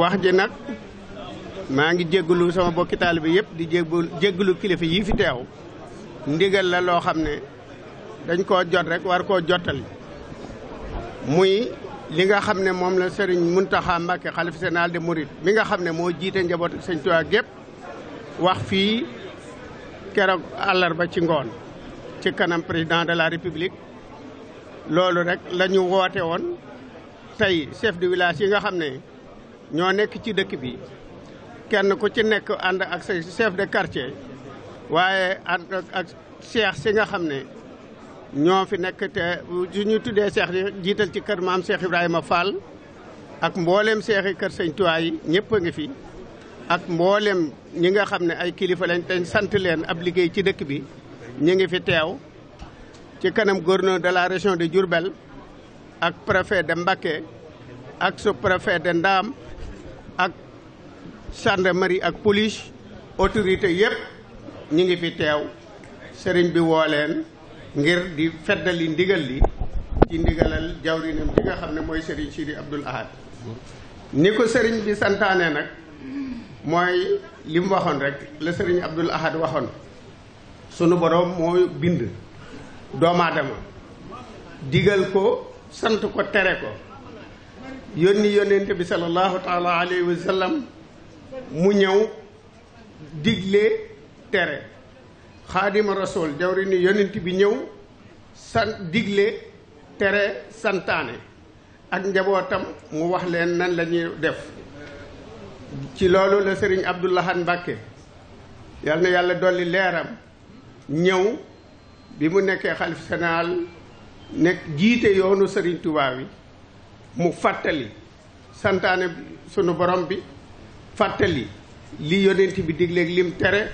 wax ji nag maa ngi jéggalu sama bokki taalibe yëpp di jéggalu jéggalu kilifa yi fi teew ndigal la loo xam ne dañ koo jot rek war koo jottali muy li nga xam ne moom la sëriñ Muntaxa Mbàkke xalif général des mourides mi nga xam ne moo jiite njaboot sëñ Tuubaa gépp wax fii keroog àllarba ci ngoon ci kanam président de la république loolu rek lañu woote woon tey chef de village yi nga xam ne ñoo nekk ci dëkk bi kenn ku ci nekk ànd ak sa de quartier waaye ànd ak si nga xam ne ñoo fi nekk te su ñu tuddee cheikh jiital ci kër maam Cheikh Ibrahima Fall ak mboolem cheikh yi kër sëñ Tuubaa yi ñëpp a ngi fi. ak mboolem ñi nga xam ne ay kilifa lañ te sant leen ab liggéey ci dëkk bi ñu ngi fi teew ci kanam gouverneur de la région de Diourbel ak préfet de Mbacké ak sous-préfet de ndaam ak gendarmerie ak polis autorité yépp ñu ngi fi teew sëriñ bi woo leen ngir di feddali ndigal li ci ndigalal jawrinam bi nga xam ne mooy sëriñ Sidi Abdoul Ahad ni ko sëriñ bi santaane nag mooy li waxoon rek la sëriñ Abdoul Ahad waxoon sunu boroom mooy bind doomu aadama digal ko sant ko tere ko yónni yónnente bi sallallahu taala alayhi wa sallam mu ñëw digle tere xaadima rasool jawri ni yónnent bi ñëw san digle tere santaane ak njabootam mu wax leen nan la ñuy def ci loolu la sëriñ Abdou Lahad Mbàkke yal na yàlla dolli leeram ñëw bi mu nekkee xalif général nekk jiite yoonu sëriñ tubaab yi mu fàttali santaane sunu borom bi fàttali li yonent bi digleeg lim tere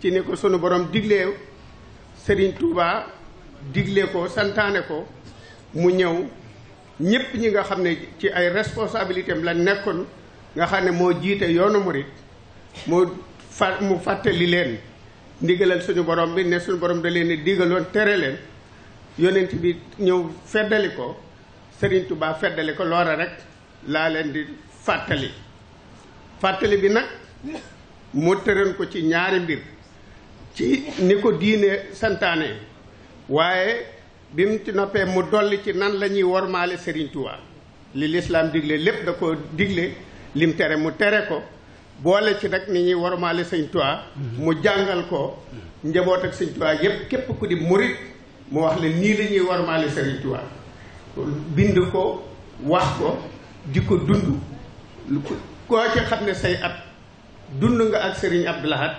ci ni ko sunu borom diglee sëriñ Touba digle ko santaane ko mu ñëw ñépp ñi nga xam ne ci ay responsabilité am la nekkoon nga xam ne moo jiite yoonu murit moo fa mu fàttali leen ndigalal suñu borom bi ne suñu borom da leen digaloon tere leen yonent bi ñëw feddali ko Serigne Touba feddali ko loola rek laa leen di fàttali fàttali bi nag mu tëran ko ci ñaari mbir ci ni ko diine santaane waaye bi mu ci noppee mu dolli ci nan la ñuy wormaale Serigne Touba li lislaam digle lépp da ko digle lim tere mu tere ko boole ci rek ni ñuy wormaale Serigne Touba mu jàngal ko njaboot ak Serigne Touba yépp képp ku di murit mu wax la nii la ñuy wormaale Serigne Touba bind ko wax ko di ko dund koo ci xam ne say at dund nga ak sëriñ Abdou Lahad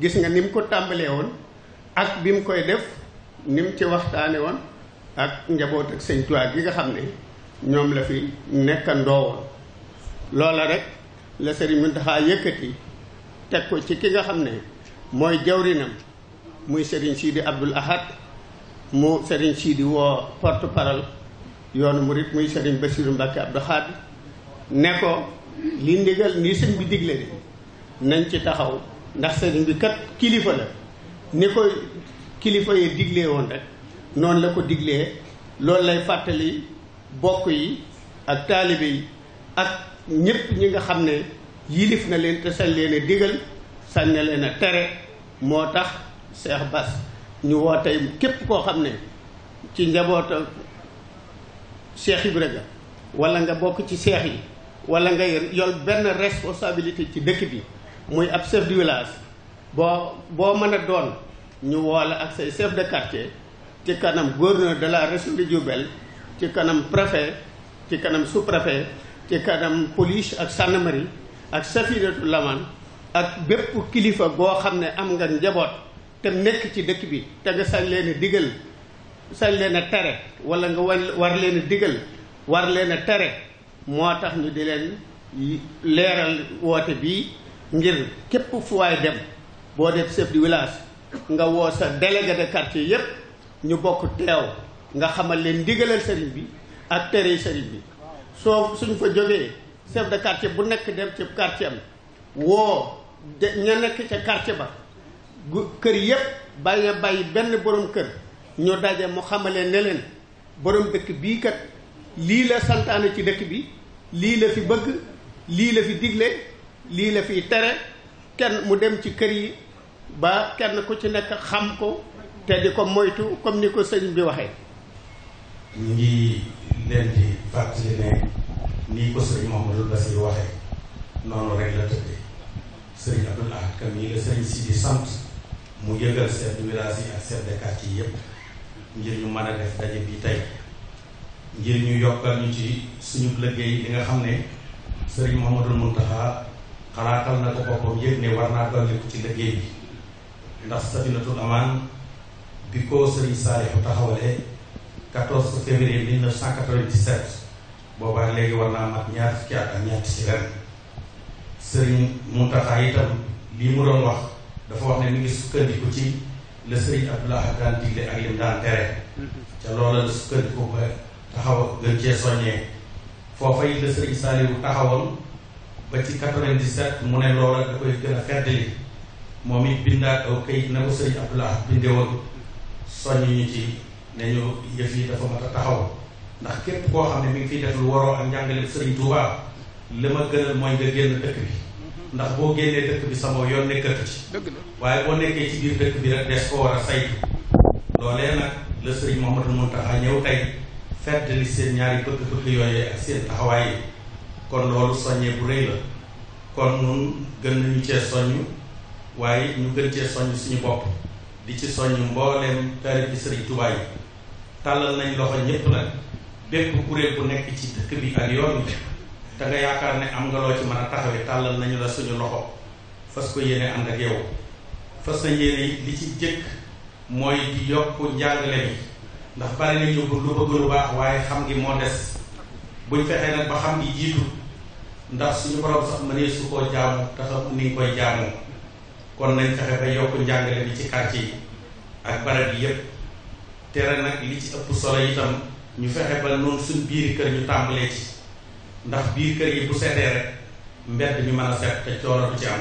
gis nga ni mu ko tàmbalee woon ak bi mu koy def ni mu ci waxtaane woon ak njaboot ak sëñ Tuubaa gi nga xam ne ñoom la fi nekkandoo woon loola rek la Serigne Mountakha yëkkati teg ko ci ki nga xam ne mooy jawrinam muy Serigne Sidi Abdoul Ahad mu Serigne Sidi woo porte-parole yoonu murit muy sëriñ Basiiru Mbàkke Abdu Xaadir ne ko li ndigal ni sëñ bi digle de nañ ci taxaw ndax sëriñ bi kat kilifa la ni ko kilifa yi digle woon rek noonu la ko diglee loolu lay fàttali bokk yi ak taalibe yi ak ñépp ñi nga xam ne yilif na leen te sañ leen a digal sañ na leen tere moo tax Cheikh Bass ñu woo tey képp koo xam ne ci njaboota Cheikh Ibra Ga wala nga bokk ci seex yi wala nga yor benn responsabilité ci dëkk bi muy ab chef de village boo boo mën a doon ñu woola ak say chef de quartier ci kanam gouverneur de la région ci kanam préfet ci kanam sous-préfet ci kanam police ak gendarmerie ak safiratu laman ak bépp kilifa boo xam ne am nga njaboot te nekk ci dëkk bi te nga sañ leen digal sañ leen a tere wala nga war leen a digal war leen a tere moo tax ñu di leen leeral woote bii ngir képp fu waay dem boo def chef de village nga woo sa délégué de quartier yépp ñu bokk teew nga xamal leen ndigalal sëriñ bi ak tere sëriñ bi soo suñ fa jógee sef de quartier bu nekk dem ci quartier am woo ña nekk ca quartier ba kër yépp bàyyi bàyyi benn borom kër ñu daje mu xamale ne leen borom dëkk bii kat lii la santaane ci dëkk bi lii la fi bëgg lii la fi digle lii la fi tere kenn mu dem ci kër yi ba kenn ku ci nekk xam ko te di ko moytu comme ni ko sëñ bi waxee ñu ngi leen di fàttali ne nii ko sëñ Mouhamadou Bassirou waxee noonu rek la tëddee sëñ Abdoul Ahad Kam yi la sëñ si di sant mu yëgal chef de village yi ak chef de yépp ngir ñu mën a def daje bi tey ngir ñu yokkal ñu ci suñu liggéey li nga xam ne sëriñ Mouhamadul Mountakha xalaatal na ko boppam yëg ne war naa dolliku ci liggéey bi ndax Safinatul Amaan bi ko sëriñ Saalihu taxawalee 14 février 1997 boobaa léegi war naa mat ñaar fukki ak ñett ci ren sëriñ Mountakha itam lii mu doon wax dafa wax ne mi ngi sukkandiku ci la sëriñ Abdoulaye daan digle ak lim daan tere mm-hmm. ca loola la sukkandiku ba taxaw gën cee soññee foofa yi la sëriñ Saliou taxawoon ba ci 97 mu ne loola da koy gën a feddali moom it bindaat aw kayit na ko sëriñ Abdoulaye bindewoon soññ ñu ci ne ñu yëf yi dafa mat a taxaw ndax képp koo xam ne mi ngi fiy def lu waroo ak njàngale sëriñ Touba li ma gënal mooy nga génn dëkk bi ndax boo génnee dëkk bi sama yoon nekkatu ci waaye boo nekkee ci biir dëkk bi rek des ko war a saytu loolee nag la sëriñ Mouhamadou Mountakha ñëw tey fedd li seen ñaari bëgg-bëgg yooyee ak seen taxawaay yi kon loolu soññee bu rëy la kon nun gën nañu cee soññ waaye ñu gën cee soññ suñu bopp di ci soññ mbooleem taalibe sëriñ Tuubaa yi tàllal nañ loxo ñépp nag bépp kuréel bu nekk ci dëkk bi ak yoon te yaakaar ne am nga loo ci mën a taxawee tàllal nañu la suñu loxo fas ko yéene ànd ak yow fas na yéene li ci jëkk mooy di yokk njàngale bi ndax bari na ñu lu lu baax waaye xam ngi moo des buñ fexee nag ba xam gi jiitu ndax suñu borom sax mënee su koo jaamu te xam ni nga koy jaamu kon nañ fexe ba yokk njàngale bi ci quartier yi ak barab yi yépp tere nag li ci ëpp solo itam ñu fexe ba noonu suñ biiri kër ñu tàmbalee ci ndax biir kër yi bu setee rek mbedd mi mën a set te coono du ci am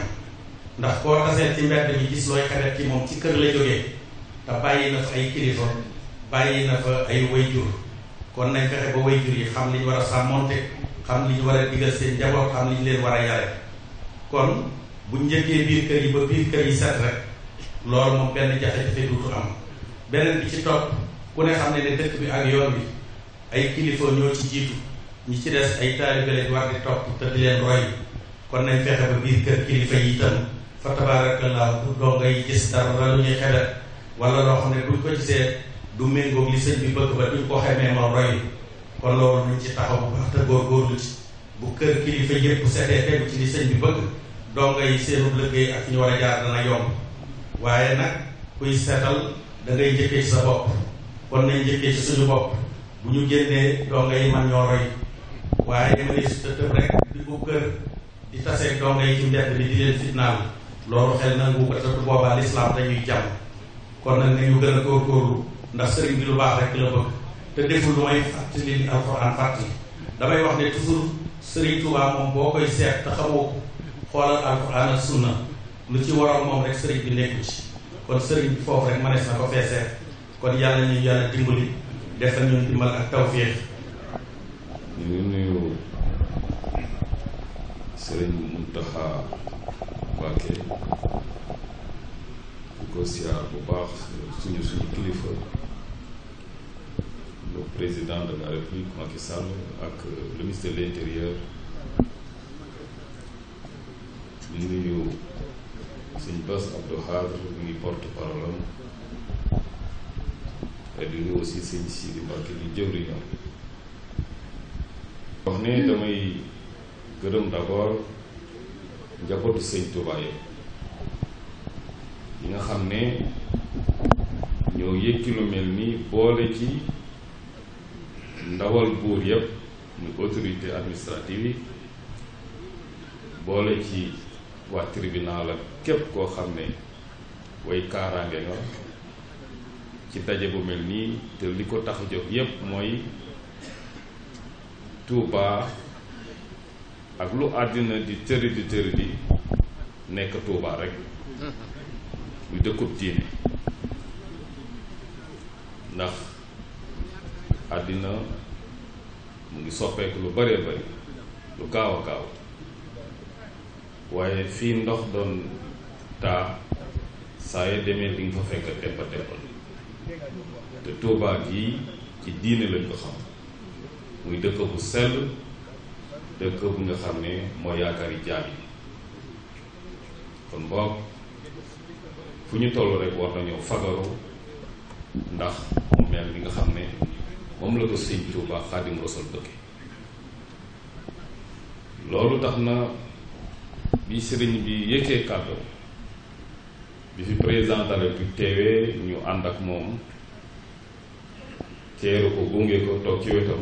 ndax koo tasee ci mbedd mi gis looy xaret ci moom ci kër la jógee te bàyyi na fa ay kilifa bàyyi war a sàmmonte ñu war a digal seen war a yare kon bu njëkkee biir benn jafe-jafe duutu am ci jiitu ñi ci des ay taalibe lañ war di topp te di leen roy kon nañ fexe ba biir kër kilifa yi itam fa tabaarakallaa bu doo ngay gis dara lu ñuy xelal wala loo xam ne duñ ko gisee du méngoog li sëñ bi bëgg ba duñ ko xamee ma roy kon loolu nañ ci taxaw bu baax te góorgóorlu ci bu kër kilifa yëpp setee tegu ci li sëñ bi bëgg doo ngay seenu liggéey ak ñu war a jaar dana yomb waaye nag kuy seetal da njëkkee ci sa bopp kon nañ njëkkee ci waaye mënees si tëtëb rek di ko kër di taseeg donga yi ci mbedd bi di leen fitnaal loolu xel nangu ko te boobaa lislaam dañuy jàmm kon nag nañu gën a góorgóorlu ndax sëriñ bi lu baax rek la bëgg te deful lu may fàttali li alxuraan fàttali damay wax ne toujours sëriñ Tuubaa moom boo koy seet te xamoo ko xoolal alxuraan ak sunna lu ci waral moom rek sëriñ bi nekku ci kon sëriñ foofu rek mënees na ko feesee kon yàlla ñu yàlla dimbali defal ñun dimbal siyaar bu baax suñu suñu kilifa le président de la république Macky Sall ak euh, le ministre de l'intérieur ñu nuyu sëñ Bass Abdou Khadre mu ngi porte parole am di nuyu aussi sëñ Sidi Mbacke di jëwriñam wax ne damay gërëm d'abord njabootu sëñ Touba ñi nga xam ne ñoo yëkki lu mel ni boole ci ndawal buur yépp muy autorité administrative yi boole ci waa tribunal ak képp koo xam ne way kaaraange nga ci daje bu mel nii te li ko tax jóg yépp mooy Touba ak lu àddina di tëri di tëri di nekk Touba rek muy dëkkub diine ndax àddina mu ngi soppeeku lu bëree bëri lu kaaw a waaye fii ndox doon taa saa yoo demee di nga fekk teppa teppal te Tuubaa gi ci diine lañ ko xam muy dëkk bu sell dëkk bu nga xam ne moo yaakaari jaam yi kon boog fu ñu toll rek war nañoo fagaru ndax mu mel li nga xam ne moom la ko sëñ Tuuba Xaadim Rasul dëkke loolu tax na bi sëriñ bi yëkkee kàddu bi fi président de teewee ñu ànd ak moom teeru ko gunge ko toog ci wetam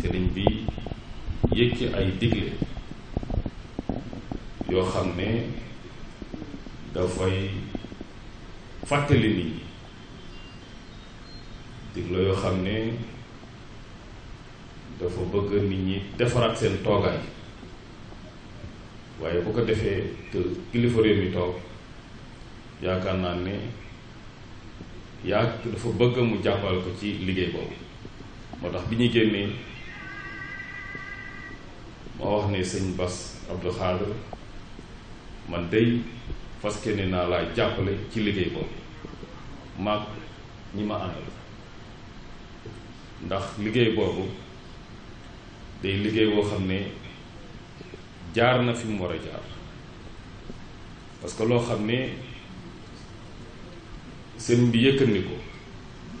sëriñ bi yëkki ay digle yoo xam ne dafay fàttali nit ñi diglo yoo xam ne dafa bëgg nit ñi defaraat seen toogaay waaye bu ko defee te kilifa réew toog yaakaar naa ne yaa dafa bëgg mu jàppal ko ci liggéey boobu moo tax bi ñuy génnee moo wax ne sëñ Bass Abdou Khadre man day fas kenn naa laa jàppale ci liggéey boobu maag ñi ma àndal ndax liggéey boobu day liggéey woo xam ne jaar na fi mu war a jaar parce que loo xam ne sëñ bi yëkkandi ko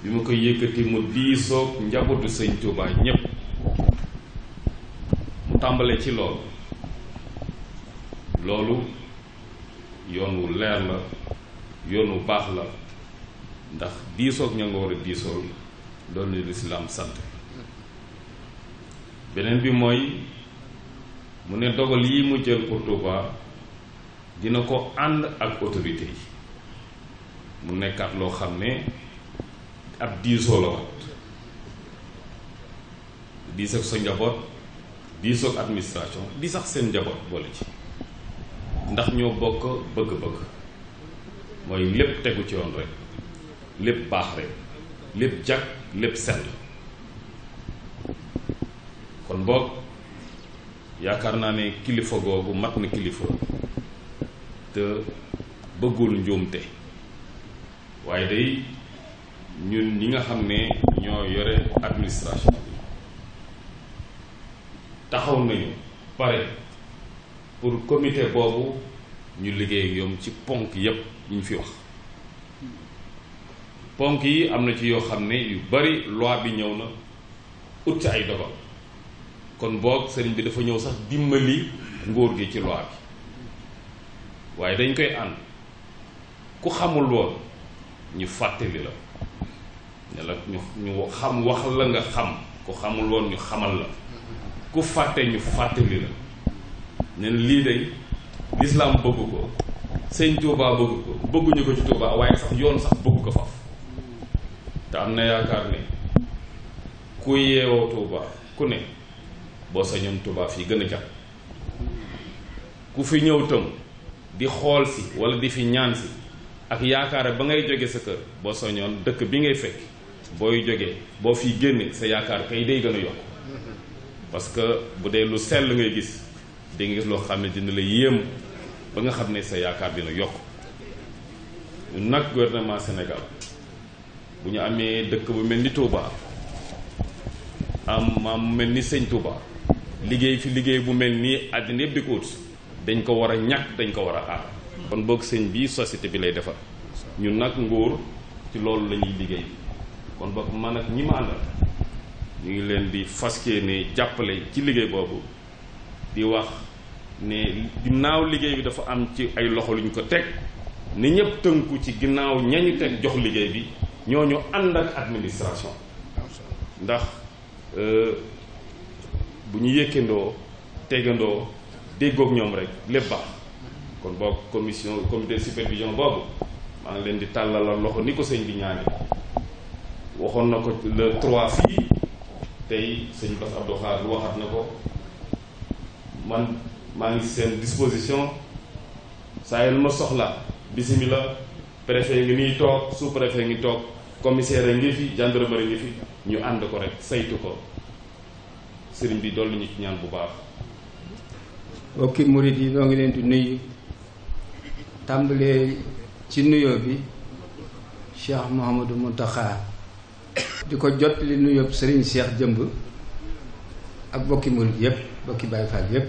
bi ma koy yëkkati mu diisoog njabootu sëñ Touba ñépp mu tàmbale ci loolu loolu yoon wu leer la yoon wu baax la ndax diisoog ña nga war a diisool loolu beneen bi mooy mu ne dogal yi mu jël pour dina ko ànd ak autorité yi mu nekkaat loo xam ne ab diisoo la wat diis ak sa njaboot diis ak administration diis sax seen njaboot boole ci ndax ñoo bokk bëgg-bëgg mooy lépp tegu ci yoon rek lépp baax rek lépp jag lépp sell kon boog yaakaar naa ne kilifa googu mat na kilifa te bëggul njuumte waaye day ñun ñi nga xam ne ñoo yore administration bi taxaw nañu pare pour comité boobu ñu liggéey ak ci ponk yépp ñu ñu fi wax ponk yi am na ci yoo xam ne yu bari loi bi ñëw na ut ay dogal kon boog sëriñ bi dafa ñëw sax dimbali nguur gi ci loi bi waaye dañ koy ànd ku xamul woon ñu fàttali la ne la ñu xam wax la nga xam ku xamul woon ñu xamal la ku fàtte ñu fàttali la nee lii day lislaam bëgg ko sëñ Touba bëgg ko bëgguñu ko ci Touba waaye sax yoon sax bëgg ko faf te am na yaakaar ne ku yeewoo Touba ku ne boo sañoon Touba fii gën a jàpp ku fi ñëw tam di xool si wala di fi ñaan si ak yaakaar ba ngay jóge sa kër boo soñoon dëkk bi ngay fekk booy jógee boo fi génne sa yaakaar kay day gën a yokk parce que bu dee lu sell ngay gis di nga loo xam ne dina la yéem ba nga xam ne sa yaakaar dina yokk ñun nag gouvernement Sénégal bu ñu amee dëkk bu mel ni Touba am maam mel ni sëñ Touba liggéey fi liggéey bu mel nii àddina yëpp di ko dañ ko war a ñakk dañ ko war a aar kon boog sëñ bii société bi lay defar ñun nag nguur ci loolu lañuy liggéey kon boog man ak ñi ma àndal ñu ngi leen di faskee ne jàppale ci liggéey boobu di wax ne ginnaaw liggéey bi dafa am ci ay loxo luñ ko teg ni ñëpp tënku ci ginnaaw ñañu teg jox liggéey bi ñoo ñu ànd ak administration ndax euh, bu ñu yëkkandoo tegandoo déggook ñoom rek lépp baax kon boog commission comité de supervision boobu maa ngi leen di tàllalal loxo ni ko sëñ bi ñaane waxoon na ko le 3 fii tey sëñ Bass Abdou Khadre waxaat na ko man maa ngi seen disposition saa yéen ma soxla bisimilah préfet ngi nii toog sous préfet ngi toog commissaire ngi fi gendarmerie ngi fi ñu ànd ko rek saytu ko sëriñ bi dolli ñu ci ñaan bu baax. mbokki murit yi ñoo ngi leen di nuyu tàmbalee ci nuyoo bi Cheikh Mouhamadou Mountakha di ko jot li nuyoo Serigne Cheikh jëmb ak mbokki murit yépp bokki Baye Fall yépp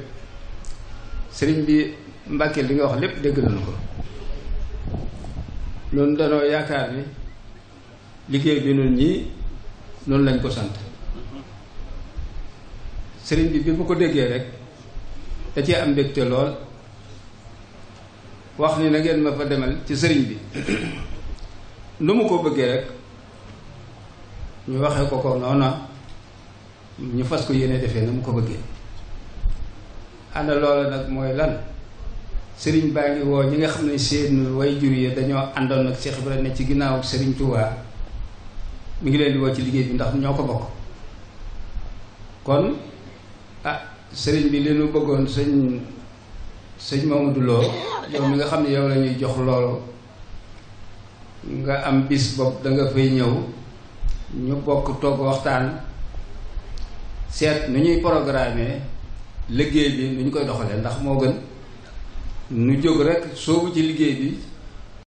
sëriñ bi Mbàkke li nga wax lépp dégg nañu ko loolu danoo yaakaar ni liggéey bi noonu ñii noonu lañ ko sant sëriñ bi bi mu ko déggee rek da cee am mbégte lool wax ni na ngeen ma fa demal ci sëriñ bi nu mu ko bëggee rek ñu waxee ko ko noona ñu fas ko yéene defee na mu ko bëggee ana loola nag mooy lan sëriñ baa ngi woo ñi nga xam ne seet seen way jur yi dañoo àndoon nag Cheikh Ibrahima ne ci ginnaaw sëriñ Touba mu ngi leen di woo ci liggéey bi ndax ñoo ko bokk kon ah sëriñ bi li nu bëggoon sëñ sëñ Mamadou Lo yow mi nga xam ne yow lañuy jox loolu nga am bis bopp danga fay ñëw ñu bokk togg waxtaan seet nu ñuy programmer liggéey bi nu ñu koy doxalee ndax moo gën nu jóg rek soobu ci liggéey bi